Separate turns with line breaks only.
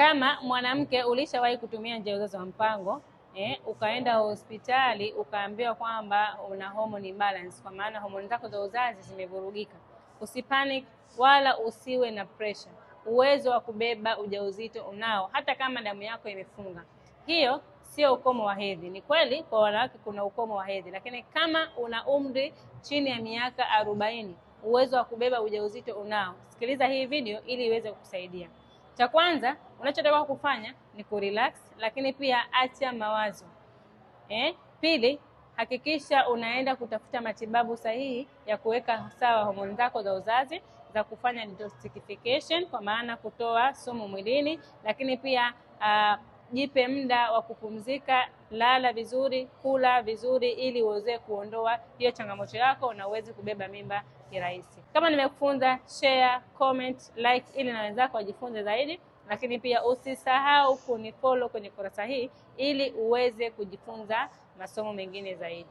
Kama mwanamke ulishawahi kutumia njia ya uzazi wa mpango eh, ukaenda hospitali ukaambiwa kwamba una hormone imbalance, kwa maana homoni zako za uzazi zimevurugika, usipanic wala usiwe na pressure. Uwezo wa kubeba ujauzito unao, hata kama damu yako imefunga. Hiyo sio ukomo wa hedhi. Ni kweli kwa wanawake kuna ukomo wa hedhi, lakini kama una umri chini ya miaka arobaini, uwezo wa kubeba ujauzito unao, sikiliza hii video ili iweze kukusaidia. Cha kwanza unachotakiwa kufanya ni kurelax, lakini pia acha mawazo eh. Pili, hakikisha unaenda kutafuta matibabu sahihi ya kuweka sawa homoni zako za uzazi za kufanya detoxification, kwa maana kutoa sumu mwilini, lakini pia uh, jipe muda wa kupumzika, lala vizuri, kula vizuri, ili uweze kuondoa hiyo changamoto yako na uweze kubeba mimba kirahisi. Kama nimekufunza, share, comment, like ili na wenzako wajifunze zaidi, lakini pia usisahau kunifollow kwenye kurasa hii ili uweze kujifunza masomo mengine zaidi.